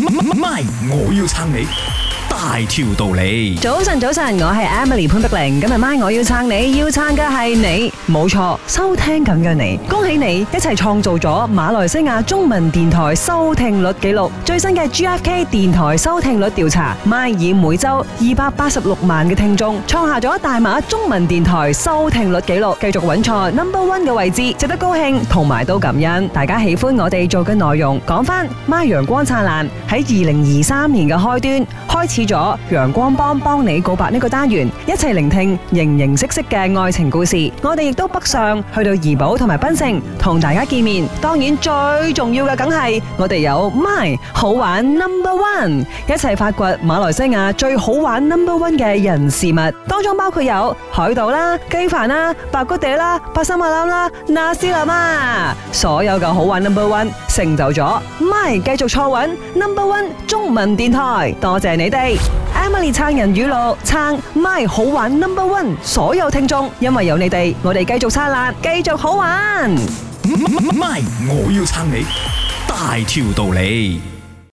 MY，我要撐你。大條道理，早晨早晨，我係 Emily 潘碧玲，今日 MY 我要撐你，要撐嘅係你，冇錯，收聽緊嘅你，恭喜你一齊創造咗馬來西亞中文電台收聽率紀錄，最新嘅 GFK 電台收聽率調查，MY 以每周二百八十六萬嘅聽眾，創下咗大馬中文電台收聽率紀錄，繼續穩坐 number one 嘅位置，值得高興同埋都感恩，大家喜歡我哋做嘅內容。講翻 MY 陽光燦爛喺二零二三年嘅開端開始。咗陽光幫幫你告白呢個單元，一齊聆聽形形色色嘅愛情故事。我哋亦都北上去到怡保同埋檳城同大家見面。當然最重要嘅梗係我哋有 my 好玩 number one，一齊發掘馬來西亞最好玩 number one 嘅人事物，當中包括有海島啦、雞飯啦、白骨地啦、八生馬籃啦、納斯蘭啊，所有嘅好玩 number one 成就咗 my 繼續坐穩 number one 中文電台，多謝你哋。Emily 撐人語錄，撐 my 好玩 number one，所有聽眾，因為有你哋，我哋繼續撐啦，繼續好玩 my，my 我要撐你，大條道理。